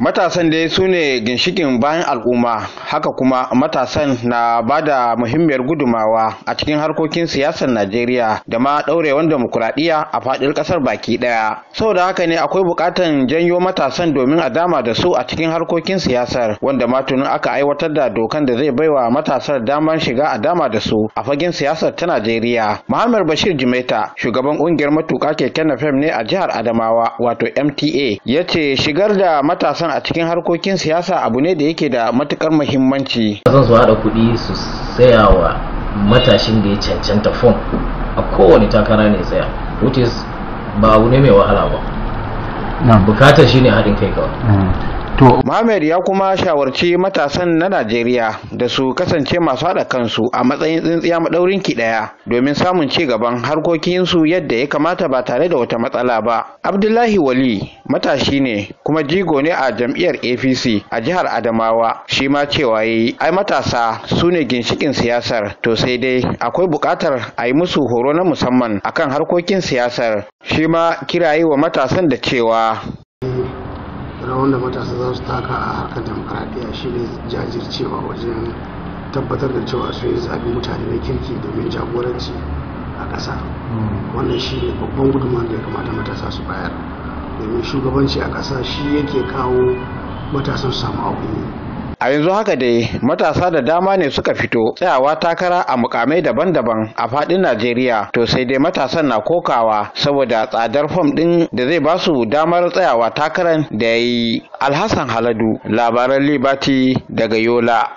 Matasan dai su ne ginshikin bayan al'umma, haka kuma matasan na ba da muhimmiyar gudumawa a cikin harkokin siyasar Najeriya da ma ɗaurewan demokuraɗiyya a faɗin ƙasar baki ɗaya. Saboda haka ne akwai buƙatan janyo matasan domin a dama da su a cikin harkokin siyasar, wanda ma tunin aka aiwatar da dokan da zai baiwa matasar damar shiga a dama da su a fagen siyasar ta Najeriya. Muhammad Bashir Jimaita, shugaban ƙungiyar matuƙa keken Nafem ne a jihar Adamawa, wato MTA, ya ce shigar da matasan kasan a cikin harkokin siyasa abu ne da yake da matukar muhimmanci zan su haɗa kuɗi su saya wa matashin da ya cancanta fom a kowane takara ne tsaya which is ba abu ne mai wahala ba bukatar shi ne haɗin kai kawai mm. To, Mohammed ya kuma shawarci matasan na Najeriya da su kasance masu haɗa kansu a matsayin tsintsiya maɗaurin ki ɗaya domin samun ci gaban harkokinsu yadda ya kamata ba tare da wata matsala ba. Abdullahi Wali matashi ne kuma jigo ne a jam'iyyar APC a jihar Adamawa shi ma cewa yi ai matasa su ne ginshikin siyasar to sai dai akwai buƙatar a yi musu horo na musamman akan harkokin siyasar shi ma kiraye wa matasan da cewa rawar da matasa za su taka a harkar shi shine jajircewa wajen tabbatar da cewa su yi zaɓi mutane na kirki domin jagoranci a ƙasa hmm. wannan shi ne babban gudunmawar da ya kamata matasa su bayar domin shugabanci a ƙasa shi yake kawo matasan su samu abin yi a yanzu haka dai matasa da dama ne suka fito tsayawa takara a mukamai daban-daban a faɗin najeriya to sai dai matasan na kokawa saboda tsadar fom ɗin da zai ba su damar tsayawa takarar da ya yi alhassan haladu labaran libati daga yola